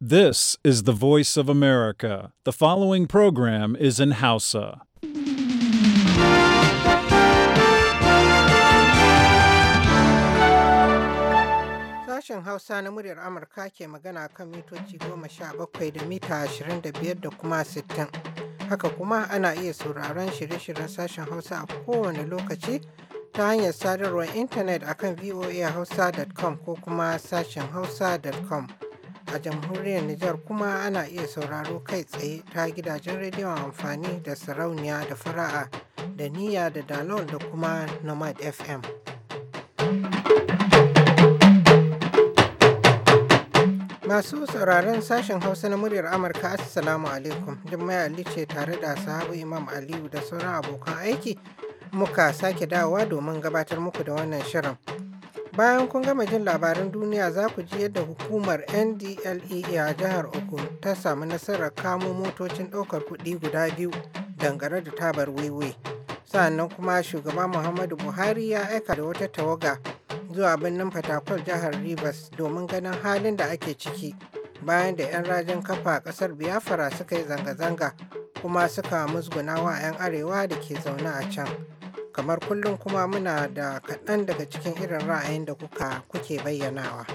This is the voice of America. The following program is in Hausa. Sashen Hausa na muryar Amurka ke magana kan mitoci goma sha bakwai da mita ashirin da biyar da kuma sittin. Haka kuma ana iya sauraron shirye-shiryen sashen Hausa a kowane lokaci ta hanyar sadarwar intanet akan voahausa.com ko kuma sashen hausa.com. A jamhuriyar Nijar kuma ana iya sauraro kai tsaye ta gidajen rediyon amfani da sarauniya da fara'a da niyya da dalol da kuma nomad FM. Masu sauraron sashen Hausa na muryar Amurka Assalamu alaikum. Jummai Ali ce tare da sahabu Imam Aliyu da sauran abokan aiki muka sake dawowa domin gabatar muku da wannan shirin. Bayan kun gama jin labaran duniya za ku ji yadda hukumar NDLEA a jihar Ogun ta samu nasarar kamo motocin ɗaukar kuɗi guda biyu dangane da tabar wiwi. Sa'annan kuma shugaba Muhammadu Buhari ya aika da wata tawaga zuwa birnin Fatakwal jihar Rivers domin ganin halin da ake ciki bayan da 'yan rajin kafa a ƙasar Biafra suka yi zanga-zanga kuma suka musguna wa 'yan arewa da ke zaune a can. kamar kullum kuma muna da kaɗan daga cikin irin ra'ayin da kuka kuke bayyanawa.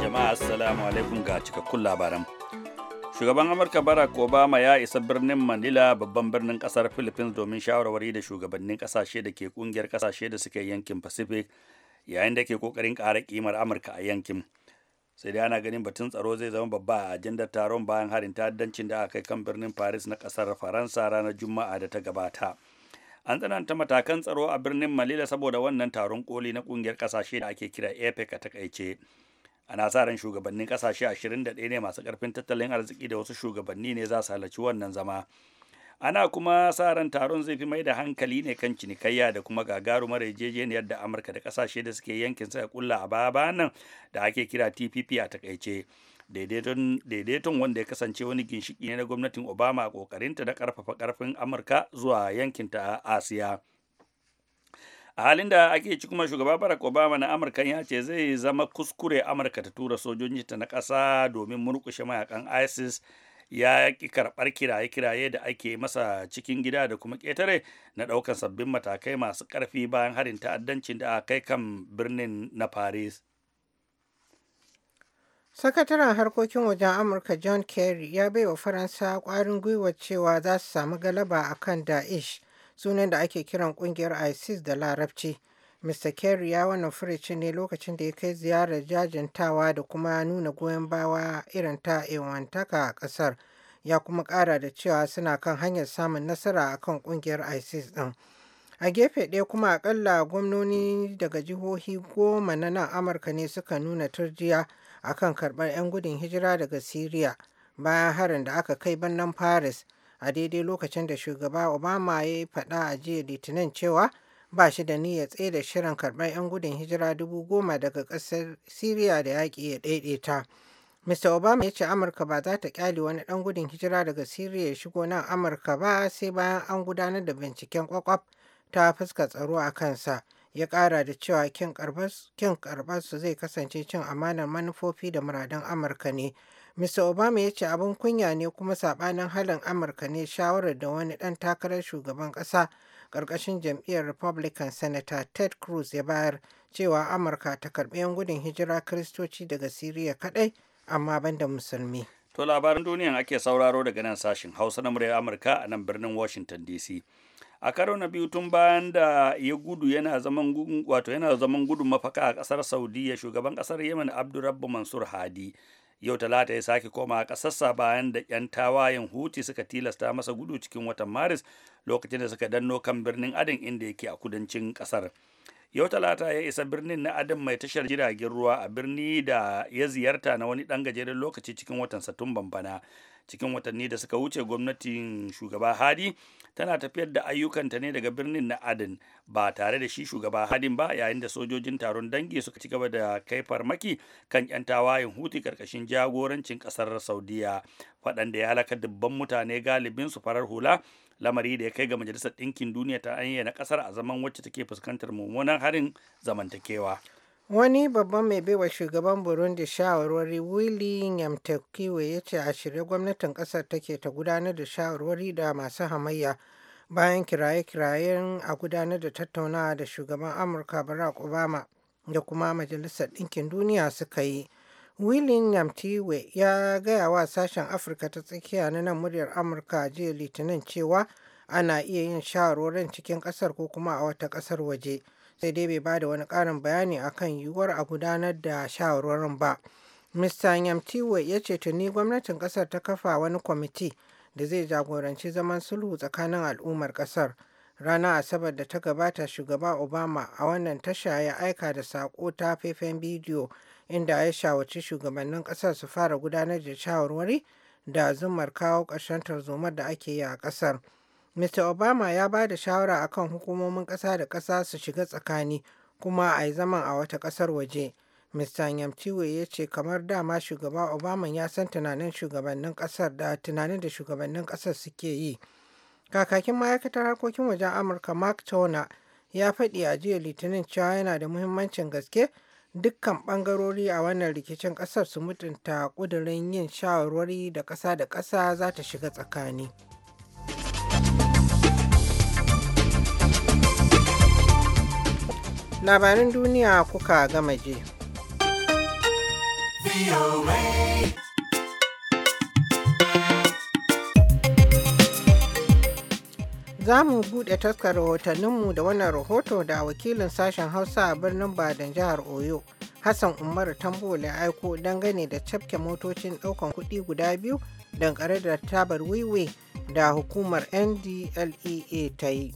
Jama'a Assalamu alaikum ga cikakkun labaran. Shugaban Amurka Barack Obama ya isa birnin Manila babban birnin kasar Philippines domin shawarwari da shugabannin kasashe da ke kungiyar kasashe da suke yankin Pacific yayin da ke kokarin ƙara kimar Amurka a yankin. sai dai ana ganin batun tsaro zai zama babba a ajandar taron bayan harin ta'addancin da aka kai kan birnin paris na kasar faransa ranar juma'a da ta gabata an tsananta matakan tsaro a birnin malila saboda wannan taron koli na kungiyar kasashe da ake kira apec a takaice ana sa ran shugabannin kasashe 21 ne masu karfin tattalin arziki da wasu shugabanni ne za su halarci wannan zama ana kuma sa ran taron zai fi mai da hankali ne kan cinikayya da kuma gagarumar yarjejeniyar da amurka da kasashe da suke yankin sa kulla a baya nan da ake kira tpp a takaice daidaiton wanda ya kasance wani ginshiki ne na gwamnatin obama a kokarinta da karfafa karfin amurka zuwa yankin ta asiya a halin da ake ci kuma shugaba barack obama na amurka ya ce zai zama kuskure amurka ta tura sojojinta na ƙasa domin murkushe mayakan isis ya ki karɓar kiraye-kiraye da ake masa cikin gida da kuma ƙetare na ɗaukar sabbin matakai masu ƙarfi bayan harin ta'addanci da aka kai kan birnin na paris sakataren harkokin wajen amurka john kerry ya bai wa faransa ƙwarin gwiwa cewa za su samu galaba a kan daesh sunan da ake kiran ƙungiyar isis da larabci Mr. Kerry ya wannan furucin ne lokacin da ya kai ziyarar jajintawa da kuma nuna goyon bawa irin ta a ƙasar ya kuma ƙara da cewa suna kan hanyar samun nasara a kan ƙungiyar ISIS ɗin. A gefe ɗaya kuma akalla gwamnoni daga jihohi goma na nan Amurka ne suka nuna turjiya a kan karɓar 'yan gudun hijira daga Siriya bayan harin da aka kai birnin Paris a daidai lokacin da shugaba Obama ya yi faɗa a jiya Litinin cewa ba shi da niyyar tsaida shirin karɓar 'yan gudun hijira dubu goma daga ƙasar Siriya da yaƙi ya ɗaiɗaita. Mr. Obama ya ce Amurka ba za ta kyale wani ɗan gudun hijira daga Siriya ya shigo nan Amurka ba sai bayan an gudanar da binciken kwakwaf ta fuska tsaro a kansa. Ya ƙara da cewa kin su zai kasance cin amanar manufofi da muradun Amurka ne. Mr. Obama ya ce abin kunya ne kuma saɓanin halin Amurka ne shawarar da wani ɗan takarar shugaban ƙasa karkashin jam'iyyar Republican Senator Ted Cruz ya bayar cewa Amurka ta karɓi 'yan gudun hijira Kiristoci daga Siriya kadai amma ban da Musulmi. To labaran duniyan ake sauraro daga nan sashin Hausa na muryar Amurka a nan birnin Washington DC. a karo na biyu tun bayan da ya gudu yana zaman wato yana zaman gudun mafaka a kasar saudiya shugaban kasar yemen abdurrabbu mansur hadi yau talata ya sake koma a ƙasarsa bayan da 'yan tawayen huti suka tilasta masa gudu cikin watan maris lokacin da suka danno kan birnin adin inda yake a kudancin ƙasar yau talata ya isa birnin na adin mai tashar jiragen ruwa a birni da ya ziyarta na wani ɗan gajeren lokaci cikin watan satumban bana cikin watanni da suka wuce gwamnatin shugaba hadi tana tafiyar da ayyukanta ne daga birnin na adin ba tare da shi shugaba hadin ba yayin da sojojin taron dangi suka ci gaba da kai farmaki kan yan tawayen huti karkashin jagorancin kasar saudiya faɗan da ya halaka dubban mutane galibin su farar hula lamari da ya kai ga majalisar ɗinkin duniya ta na ƙasar a zaman wacce take fuskantar mummunan harin zamantakewa Wani babban mai baiwa shugaban Burundi shawarwari Willy Nyamtekiwe ya ce a shirye gwamnatin kasar take ta gudanar da shawarwari da masu hamayya bayan kiraye-kirayen a gudanar da tattaunawa da shugaban Amurka Barack Obama da kuma Majalisar Ɗinkin Duniya suka yi. Willy Nyamtekiwe ya gaya wa sashen Afirka ta tsakiya na nan muryar Amurka jiya Litinin cewa ana iya yin shawarwarin cikin ƙasar ko kuma a wata ƙasar waje. sai dai bai ba da wani ƙarin bayani a kan yiwuwar a gudanar da shawarwarin ba. Mr. Nyamtiwe ya ce tuni gwamnatin ƙasar ta kafa wani kwamiti da zai jagoranci zaman sulhu tsakanin al'ummar ƙasar. Rana Asabar da ta gabata shugaba Obama a wannan tasha ya aika da saƙo ta faifan bidiyo inda ya shawarci shugabannin ƙasar su fara gudanar da shawarwari da zumar kawo ƙarshen tarzomar da ake yi a ƙasar. Mr. Obama ya ba da shawara a kan hukumomin ƙasa da ƙasa su shiga tsakani kuma a yi zaman a wata ƙasar waje. Mr. Yamtiwe ya ce kamar dama shugaba Obama ya san tunanin shugabannin ƙasar da tunanin da shugabannin ƙasar suke yi. Kakakin ma'aikatar harkokin wajen Amurka Mark Turner ya faɗi a jiya Litinin cewa yana da muhimmancin gaske dukkan ɓangarori a wannan rikicin ƙasar su mutunta ƙudurin yin shawarwari da ƙasa da ƙasa za ta shiga tsakani. labaran duniya kuka gama je. za mu buɗe taskar rahotanninmu da wannan rahoto da wakilin sashen hausa a birnin badan jihar oyo hassan umaru tambola aiko dangane da cafke motocin ɗaukan kuɗi guda biyu dankare da tabar wiwi da hukumar ndlea ta yi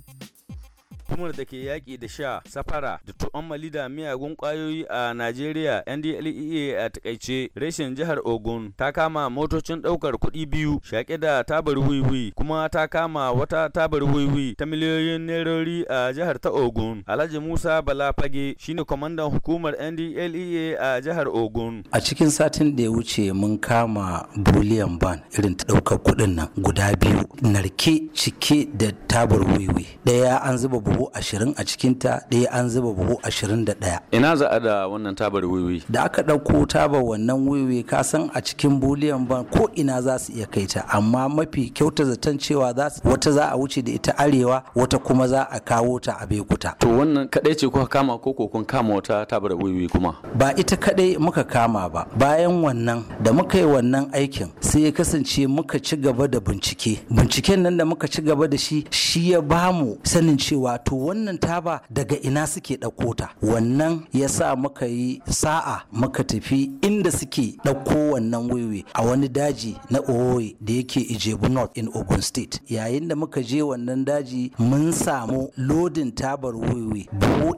hukumar da ke yaƙi da sha safara da tu'ammali da miyagun ƙwayoyi a najeriya ndlea a takaice reshen jihar ogun ta kama motocin ɗaukar kuɗi biyu shaƙe da tabar wiwi kuma ta kama wata tabar wiwi ta miliyoyin nerori a jihar ta ogun alhaji musa balafage shine kwamandan hukumar ndlea a jihar ogun a cikin satin da ya wuce mun kama buliyan ban irin ta ɗaukar kuɗin nan guda biyu narke cike da tabar wiwi ɗaya an zuba buhu buhu ashirin a cikinta ɗaya an zuba buhu ashirin da ɗaya. ina za a da wannan tabar wiwi da aka ɗauko tabar wannan wiwi ka san a cikin buliyan ban ko ina za su iya kai ta amma mafi kyauta zaton cewa za wata za a wuce da ita arewa wata kuma za a kawo ta a bekuta to wannan kadai ce kuka kama ko ko kun kama wata tabar wiwi kuma ba ita kaɗai muka kama ba bayan wannan da muka yi wannan aikin sai ya kasance muka ci gaba da bincike binciken nan da muka ci gaba da shi shi ya bamu sanin cewa to wannan taba daga ina suke ɗauko ta wannan ya sa muka yi sa'a muka tafi inda suke ɗauko wannan wiwi a wani daji na owoye da yake ijebu north in ogun state yayin da muka je wannan daji mun samu lodin tabar wiwi buhu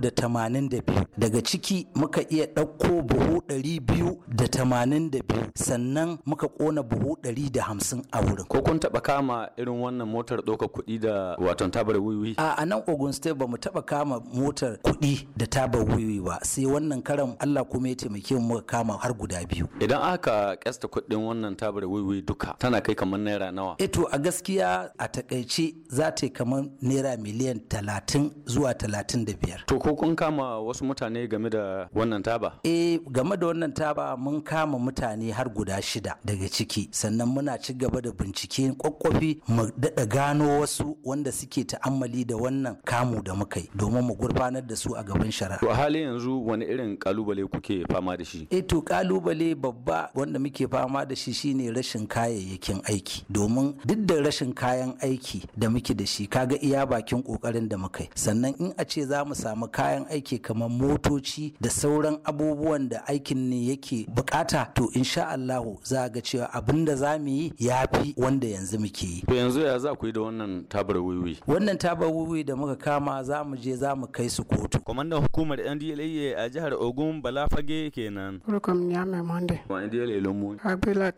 da 382 daga ciki muka iya ɗauko buhu 282 sannan muka kona buhu ɗari da 150 a wurin ko kun taɓa kama irin wannan motar ɗaukar kuɗi da watan tabar wiwi a nan ogun state ba mu taba kama motar kuɗi da tabar wiwi ba sai wannan karan allah kuma ya taimake mu kama har guda biyu idan aka kasta kuɗin wannan tabar wiwi duka tana kai kamar naira nawa Eto eh to a gaskiya a takaice za ta yi kamar naira miliyan talatin zuwa talatin da biyar to ko kun kama wasu mutane game da wannan taba eh game da wannan taba mun kama mutane har guda shida daga ciki sannan muna ci gaba da bincike kwakwafi mu daɗa gano wasu wanda suke ta'ammali da wannan kamu da muka yi domin mu gurfanar da su a gaban shari'a. To a halin yanzu wani irin kalubale kuke fama da shi? Eh to kalubale babba wanda muke fama da shi shine rashin kayayyakin aiki domin duk da rashin kayan aiki da muke da shi kaga iya bakin kokarin da muka yi sannan in a ce za mu samu kayan aiki kamar motoci da sauran abubuwan da aikin ne yake bukata to insha Allahu za ga cewa abin da za mu yi ya fi wanda yanzu muke yi. To yanzu ya za ku yi da wannan tabar wiwi? Wannan tabar wiwi ƙauye da muka kama za mu je za mu kai su kotu. Kwamandan hukumar NDLA a jihar Ogun Balafage kenan. Rukun ya mai monde. Wa NDLA Lomu. Abila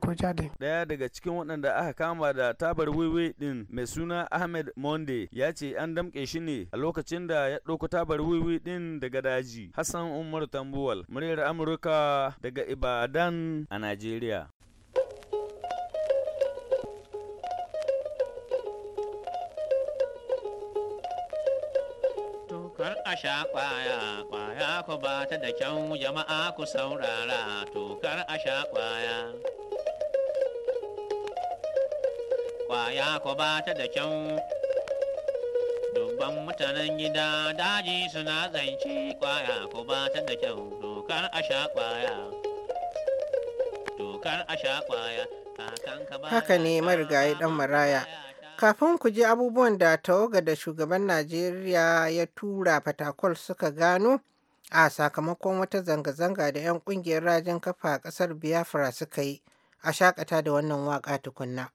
ko jade. Daya daga cikin waɗanda aka kama da tabar wiwi din mai suna Ahmed Monde ya ce an damƙe shi ne a lokacin da ya ɗauko tabar wiwi din daga daji. Hassan Umar Tambuwal, muryar Amurka daga Ibadan a Najeriya. kar a sha kwaya kwaya ku ba ta da kyau jama'a ku saurara to kar a sha kwaya kwaya ku ba ta da kyau dubban mutanen gida daji suna zance kwaya ku ba ta da kyau to kar a sha kwaya to kar a sha kwaya haka ne marigayi dan maraya Kafin ku ji abubuwan da tawaga da shugaban Najeriya ya tura Fatakwal suka gano a sakamakon wata zanga-zanga da 'yan kungiyar rajin kafa a ƙasar Biafra suka yi a shakata da wannan waka tukunna.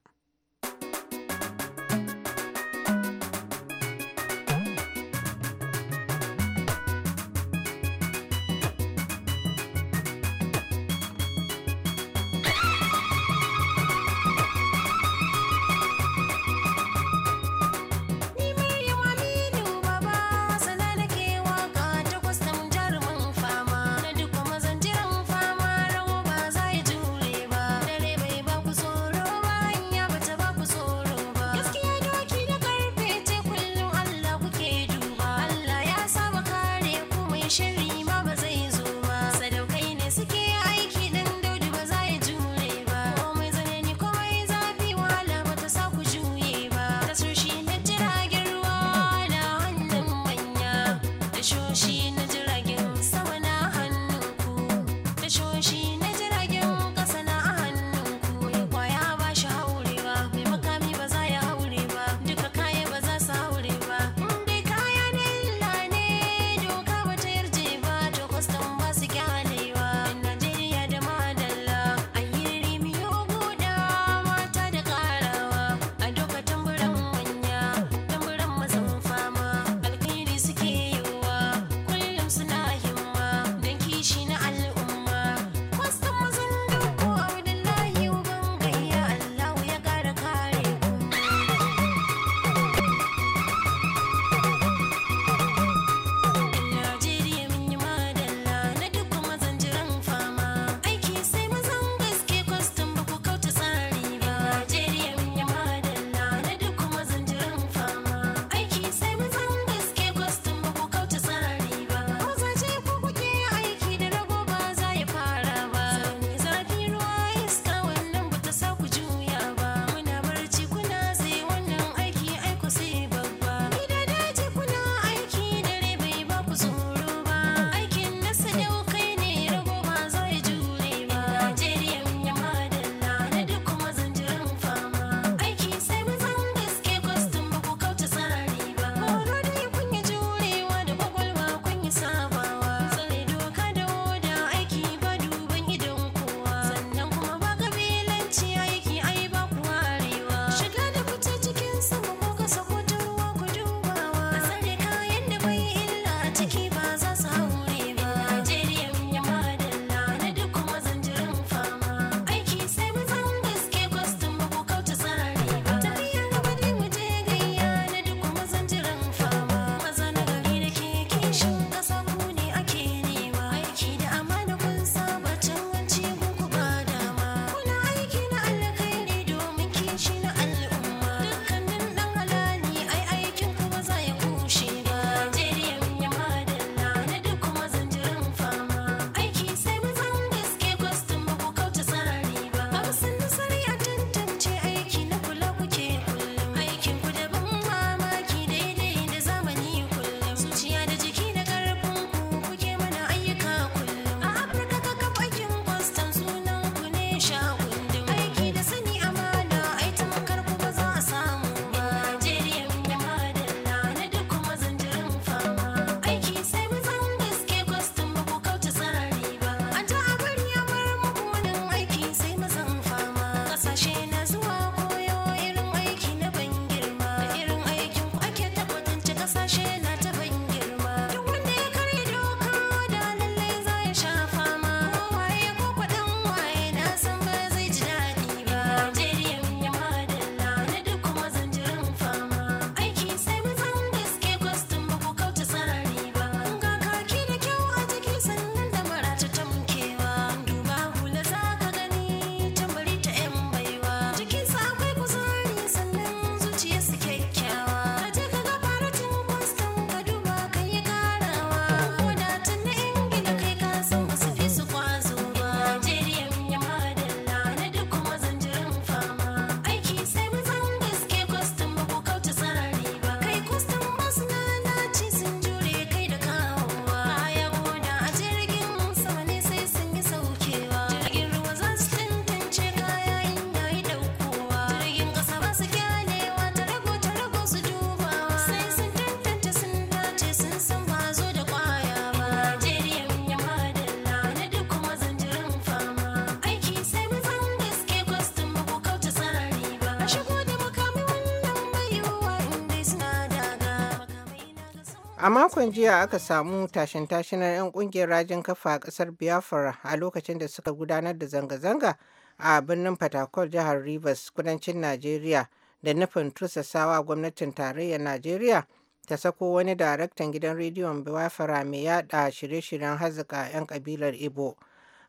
A makon jiya aka samu tashin-tashinar 'yan kungiyar rajin kafa a ƙasar Biafra a lokacin da suka gudanar da zanga-zanga a birnin Fatakwal jihar Rivers kudancin Najeriya da nufin tursasawa gwamnatin tarayyar Najeriya ta sako wani daraktan gidan rediyon Biafra mai yada shirye-shiryen hazuka 'yan kabilar Igbo.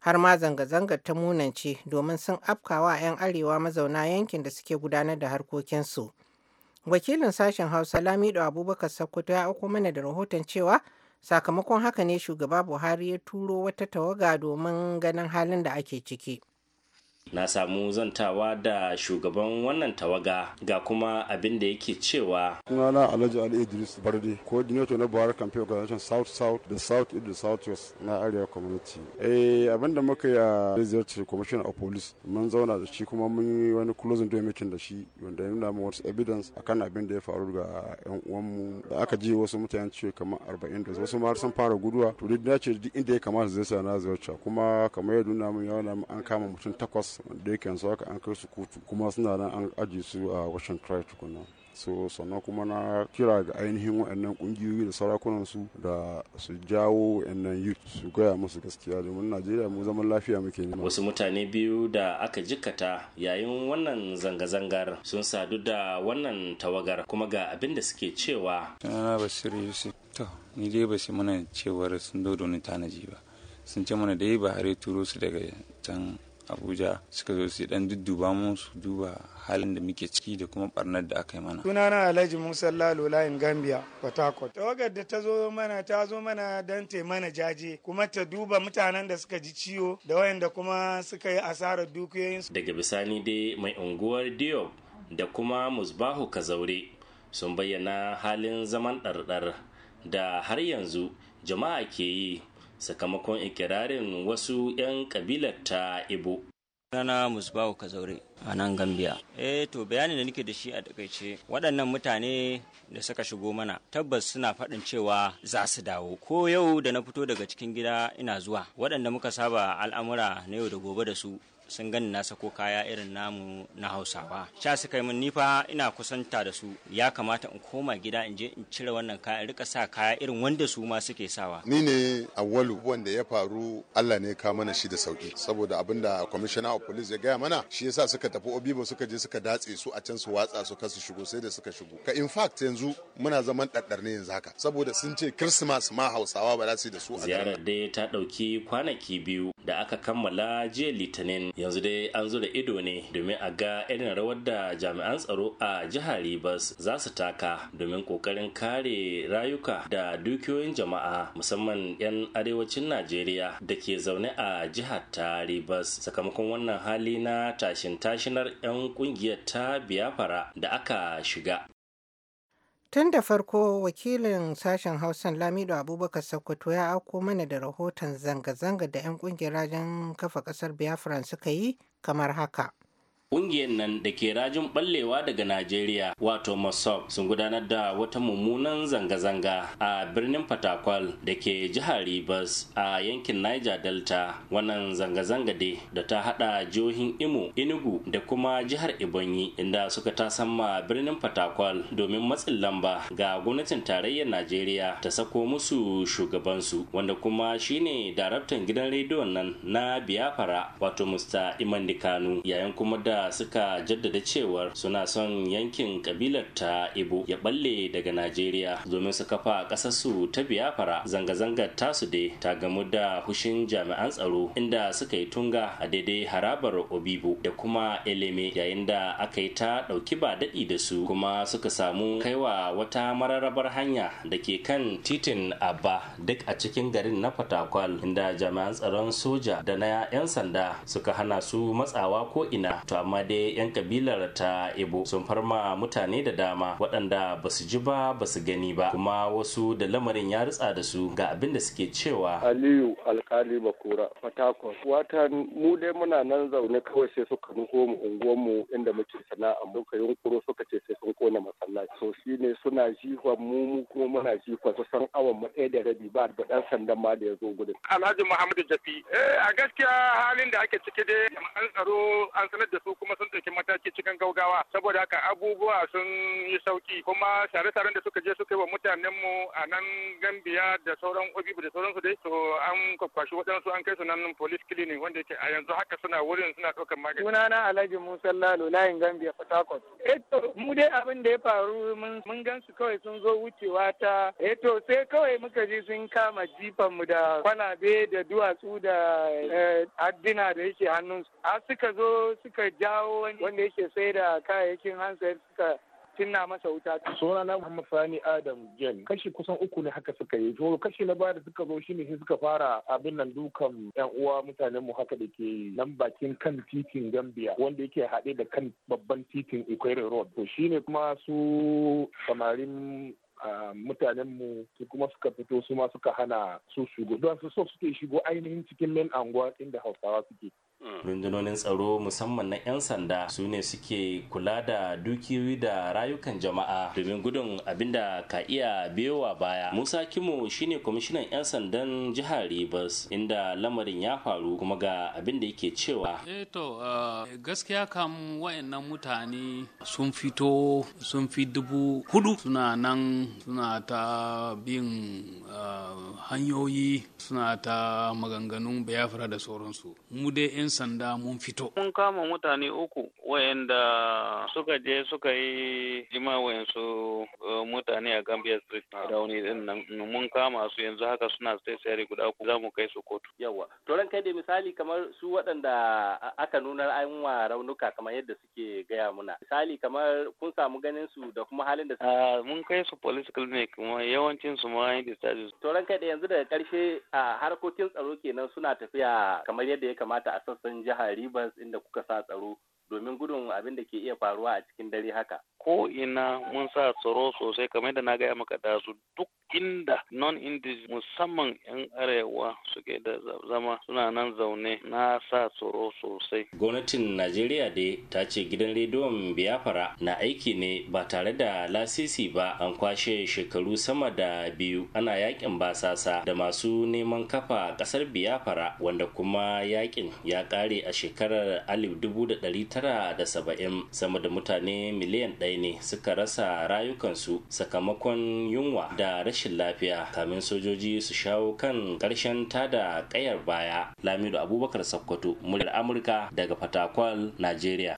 Har ma zanga zanga ta munance domin sun afkawa 'yan arewa mazauna yankin da suke gudanar da harkokinsu. Wakilin sashen Hausa Lamido Abubakar Sokoto ya aiko mana da rahoton cewa sakamakon haka ne shugaba Buhari ya turo wata tawaga domin ganin halin da ake ciki. na samu zantawa da shugaban wannan tawaga ga kuma abin da yake cewa sunana alhaji ali idris barde coordinator na buhari campaign organization south south da south east da south west na area community eh abin da muka ya ziyarci commissioner of police mun zauna da shi kuma mun yi wani closing door meeting da shi wanda ya nuna mu wasu evidence akan abin da ya faru ga yan uwan mu. da aka ji wasu mutane ce kamar arba'in da wasu ma sun fara guduwa to duk ce duk inda ya kamata zai sa na ziyarci kuma kamar ya nuna mun ya nuna an kama mutum takwas da yake yanzu aka an kai su kotu kuma suna nan an aji su a washin cry tukuna so sannan kuma na kira ga ainihin waɗannan ƙungiyoyi da sarakunan su da su jawo waɗannan youth su gaya musu gaskiya domin najeriya mu zaman lafiya muke nema wasu mutane biyu da aka jikkata yayin wannan zanga-zangar sun sadu da wannan tawagar kuma ga abin da suke cewa sunana basir yusuf to ni dai ba mana cewar sun dodo ni tanaji ba sun ce mana dai ba hare turo su daga can abuja suka zo su dan dudduba mu su duba halin da muke ciki da kuma barnar da aka yi mana sunana alhaji musa lalo layin gambia port tawagar da ta zo mana ta zo mana dan ta mana jaje kuma ta duba mutanen da suka ji ciwo da wayanda kuma suka yi asarar dukiyoyinsu daga bisani dai mai unguwar diop da kuma musbahu kazaure sun bayyana halin zaman ɗarɗar da har yanzu jama'a ke yi sakamakon ikirarin wasu 'yan kabilar ta ibo Rana ka Kazaure a nan Gambia. Eh to bayanin da nake da shi a takaice waɗannan mutane da suka shigo mana tabbas suna faɗin cewa za su dawo. Ko yau da na fito daga cikin gida ina zuwa waɗanda muka saba al'amura na yau da gobe da su sun gani na sako kaya irin namu na hausawa sha suka yi min fa ina kusanta da su ya kamata in koma gida in je in cire wannan kaya rika sa kaya irin wanda su ma suke sawa ni ne awwalu wanda ya faru Allah ne ka mana shi da sauki saboda abinda commissioner of police ya gaya mana shi yasa suka tafi obibo suka je suka datse su a can su watsa su kasu shigo sai da suka shigo ka in fact yanzu muna zaman daddar ne yanzu haka saboda sun ce christmas ma hausawa ba za su yi da su a ziyarar dai ta dauki kwanaki biyu da aka kammala jiya litinin yanzu dai an zo da ido ne domin a ga irin rawar da jami'an tsaro a jihar Ribas za su taka domin kokarin kare rayuka da dukiyoyin jama'a musamman 'yan arewacin Najeriya da ke zaune a jihar ta sakamakon wannan hali na tashin tashinar 'yan kungiyar ta Biafra da aka shiga. Tun da farko wakilin sashen Hausan Lamido Abubakar Sokoto ya auko mana da rahoton zanga-zanga da 'yan kungiyar rajin kafa ƙasar Biafra suka yi kamar haka. Ƙungiyar nan da ke rajin ɓallewa daga Najeriya wato Mossop sun gudanar da wata mummunan zanga-zanga a birnin Fatakwal da ke jihar Rivers a yankin Niger Delta. Wannan zanga-zanga dai da ta haɗa jihohin Imo, Enugu da kuma jihar Ebonyi inda suka ta ma birnin Fatakwal domin matsin lamba ga gwamnatin tarayyar Najeriya ta sako musu shugabansu wanda kuma shine daraktan gidan rediyon nan na Biafra wato Mr. imandikanu yayin kuma da suka jaddada cewar suna son yankin kabilar ta ibu ya balle daga najeriya domin su kafa su ta biyafara zanga-zangar tasu dai ta gamu da hushin jami'an tsaro inda suka yi tunga a daidai harabar obibu. da kuma eleme yayin da aka yi ta ɗauki ba daɗi da su kuma suka samu kaiwa wata mararrabar hanya da ke kan titin abba duk a cikin garin na fatakwal inda jami'an tsaron soja da na 'yan sanda suka hana su matsawa ko ina to amma amma dai 'yan kabilar ta ibo sun farma mutane da dama waɗanda ba su ji ba ba su gani ba kuma wasu da lamarin ya ritsa da su ga abin da suke cewa aliyu alkali bakura fatakon wata mu dai muna nan zaune kawai sai suka nuko mu mu. inda muke sana'a muka yunkuro suka ce sai sun kona masallaci so ne suna jifan mu mu kuma muna jifan kusan awan mu ɗaya da rabi ba da ɗan sandan ma da ya zo gudun alhaji muhammadu jafi eh a gaskiya halin da ake cike dai an tsaro an sanar da su su kuma sun ɗauki mataki cikin gaugawa saboda haka abubuwa sun yi sauki kuma share saren da suka je suka yi wa mutanenmu a nan Gambia da sauran Obibu da sauransu dai to an kwakwashi waɗansu an kai su nan police clinic wanda yake a yanzu haka suna wurin suna ɗaukar magani. Sunana Alhaji Musa Lalo layin Gambia Port Harcourt. Eto eh mu dai abin da ya faru mun gan su kawai sun zo wucewa ta eto eh sai kawai muka je sun kama jifan mu da kwalabe da duwatsu da eh, addina da yake hannunsu. A suka zo suka jawo wanda yake sai da kayayyakin hansa suka cinna masa wuta. Sona na Muhammad Sani Adam Gen kashi kusan uku ne haka suka yi. To kashi na baya da suka zo shine sai suka fara abin nan dukan yan uwa mutanen mu haka da ke nan bakin kan titin Gambia wanda yake haɗe da kan babban titin Ikwere Road. To shine kuma su samarin mutanenmu su kuma suka fito su ma suka hana su shigo don su so suke shigo ainihin cikin min anguwa inda hausawa suke rundunonin tsaro musamman na 'yan sanda su ne suke kula da dukiyoyi da rayukan jama'a domin gudun abinda ka iya biyowa baya musa kimo shine kwamishinan 'yan sandan jihar rivers inda lamarin ya faru kuma ga abinda yake cewa eh to eh, gaskiya kam wayannan mutane sun fito sun fi dubu hudu suna nan suna ta bin eh, hanyoyi suna ta maganganun bayafara da sauransu mu dai 'yan sanda mun fito. Mun kama mutane uku wayanda suka je suka yi jima wayansu eh, mutane a Gambia Street da wani din mun kama su yanzu haka suna sai guda uku za mu kai su kotu. Yawa. To ran kai da misali kamar su waɗanda aka nuna an wa raunuka kamar yadda suke gaya muna. Misali kamar kun samu ganin su da kuma halin da suke. Ah, mun kai su police clinic kuma yawancin su ma yi discharge. To ran kai da yanzu daga ƙarshe a ah, harkokin tsaro kenan suna tafiya kamar yadda ya kamata a sassa sassan jihar Rivers inda kuka sa tsaro domin gudun abin da ke iya faruwa a cikin dare haka. ko ina mun sa tsaro sosai kamar yadda na gaya maka da su duk inda non indies musamman yan arewa suke da zama suna nan zaune na sa tsaro sosai gwamnatin najeriya dai ta ce gidan rediyon biafra na aiki ne ba tare da lasisi ba an kwashe shekaru sama da biyu ana yakin basasa da masu neman kafa kasar biafra wanda kuma yakin ya kare a shekarar 1970 sama da mutane miliyan ɗaya mutane ne suka rasa rayukansu sakamakon yunwa da rashin lafiya kamin sojoji su shawo kan ƙarshen tada ƙayar baya lamido abubakar sakkwato muryar amurka daga fatakwal najeriya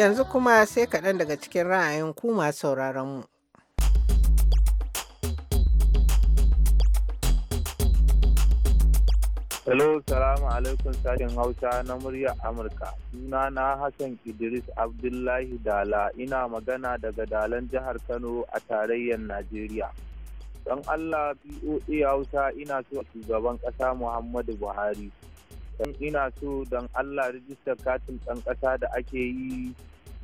Yanzu kuma sai kaɗan daga cikin ra'ayin ku masu sauraron mu. Hello, salamu alaikum sashen Hausa na muryar Amurka. Suna na Hassan Idris Abdullahi Dala, ina magana daga Dalan jihar Kano a tarayyar Najeriya. Don Allah BOA Hausa ina so shugaban ƙasa Muhammadu Buhari. ina so dan allah rijistar katin ɗan ƙasa da ake yi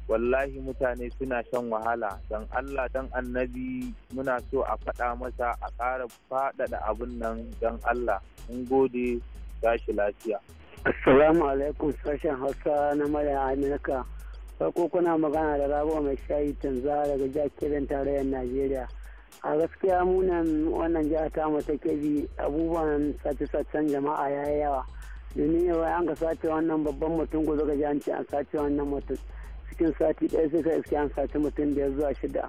wallahi mutane suna shan wahala dan allah dan annabi muna so a faɗa masa a ƙara faɗaɗa abin nan don allah in gode tashi lafiya assalamu alaikum sashen hausa na mara amurka farko kuna magana da raba mai shayi tanza daga jakirin tarayyar najeriya a gaskiya munan wannan jihar ta mu take bi abubuwan sace-sacen jama'a ya yawa domin yau an ka sace wannan babban mutum ko zaka ga an ce an sace wannan mutum cikin sati ɗaya sai ka iske an sace mutum biyar zuwa shida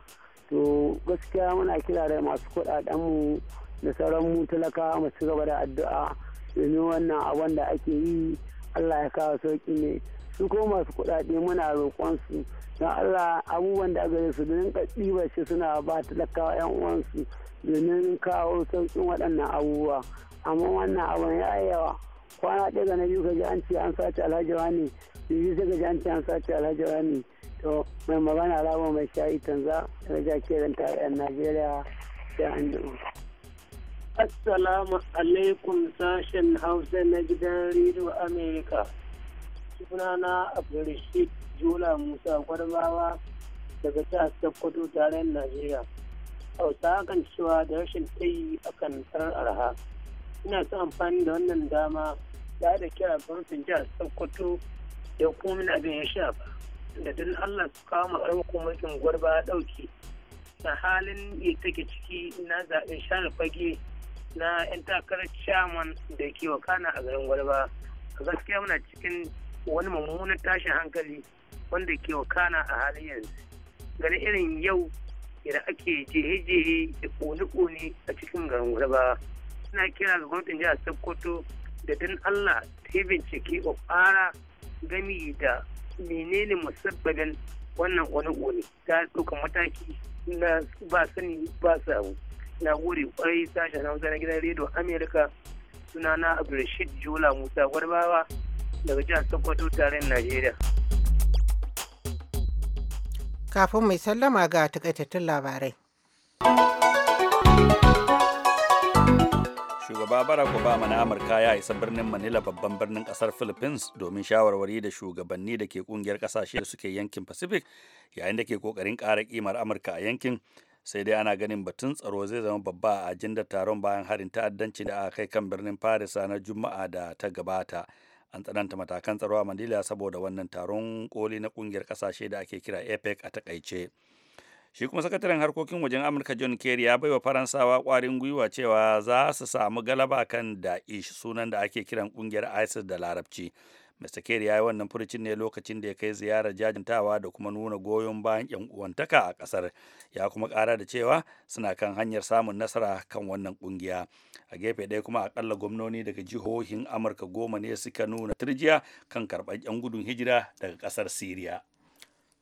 to gaskiya muna kira da masu kuɗaɗen mu da sauran mu talaka mu ci gaba da addu'a domin wannan abin da ake yi Allah ya kawo sauki ne su ko masu kuɗaɗe muna roƙon su don Allah abubuwan da aka su domin ɗiba shi suna ba talakawa 'yan uwansu domin kawo sauƙin waɗannan abubuwa amma wannan abin ya yawa kwana ɗaya da na biyu ga an ce an sace alhaji wani biyu sai gaji an ce an sace alhaji wani to mai magana alama mai shayi tanza raja kiran tarayyar najeriya da an assalamu alaikum sashen hausa na gidan rediyo america sunana abdulrashid jula musa gwarbawa daga jihar sokoto tarayyar najeriya hausa kan cewa da rashin tsayi akan tsarar arha ina son amfani da wannan dama ya da kira farfin jihar sokoto da na abin ya ba. da don allah su kama a hukumatin gwarba ya ɗauki na halin da take ciki na zaɓen share fage na 'yan takarar chairman da ke wakana a garin gwarba a gaskiya muna cikin wani mummunan tashin hankali wanda ke wakana a halin yanzu gani irin yau da ake jehe-jehe da ƙone-ƙone a cikin garin gwarba suna kira ga gwamnatin jihar sokoto da dan Allah ta bincike a ƙara gami da menene musabbabin wannan wani ƙone ta ɗauka mataki na ba sani ba sabu na gode kwarai sashen hausa na gidan rediyon amerika sunana abdulrashid jula musa gwarbawa daga jihar sokoto tarin najeriya kafin mai sallama ga takaitattun labarai shugaba barack obama na amurka ya isa birnin manila babban birnin kasar philippines domin shawarwari da shugabanni da ke kungiyar kasashe da suke yankin pacific yayin da ke kokarin kara kimar amurka a yankin sai dai ana ganin batun tsaro zai zama babba a ajinda taron bayan harin ta'addanci da aka kai kan birnin paris ranar juma'a da ta gabata an tsananta matakan tsaro a manila saboda wannan taron koli na kungiyar kasashe da ake kira apec a e takaice shi kuma sakataren harkokin wajen amurka john kerry ya baiwa faransawa kwarin gwiwa cewa za su samu galaba kan da'ish sunan da ake kiran kungiyar isis da larabci mr kerry ya yi wannan furucin ne lokacin da ya kai ziyarar jajintawa da kuma nuna goyon bayan yan uwantaka a kasar ya kuma kara da cewa suna kan hanyar samun nasara kan wannan kungiya a gefe ɗaya kuma akalla gwamnoni daga jihohin amurka goma ne suka nuna turjiya kan karɓar yan gudun hijira daga kasar syria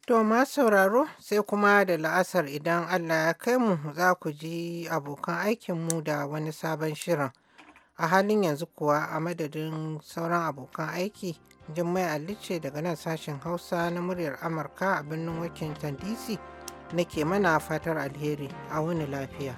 To ma sauraro sai kuma da la'asar idan Allah ya kai mu za ku ji abokan aikinmu da wani sabon shirin. A halin yanzu kuwa a madadin sauran abokan aiki, Jummai Alice daga nan sashen Hausa na muryar Amurka a birnin Washington DC nake mana fatar alheri a wani lafiya.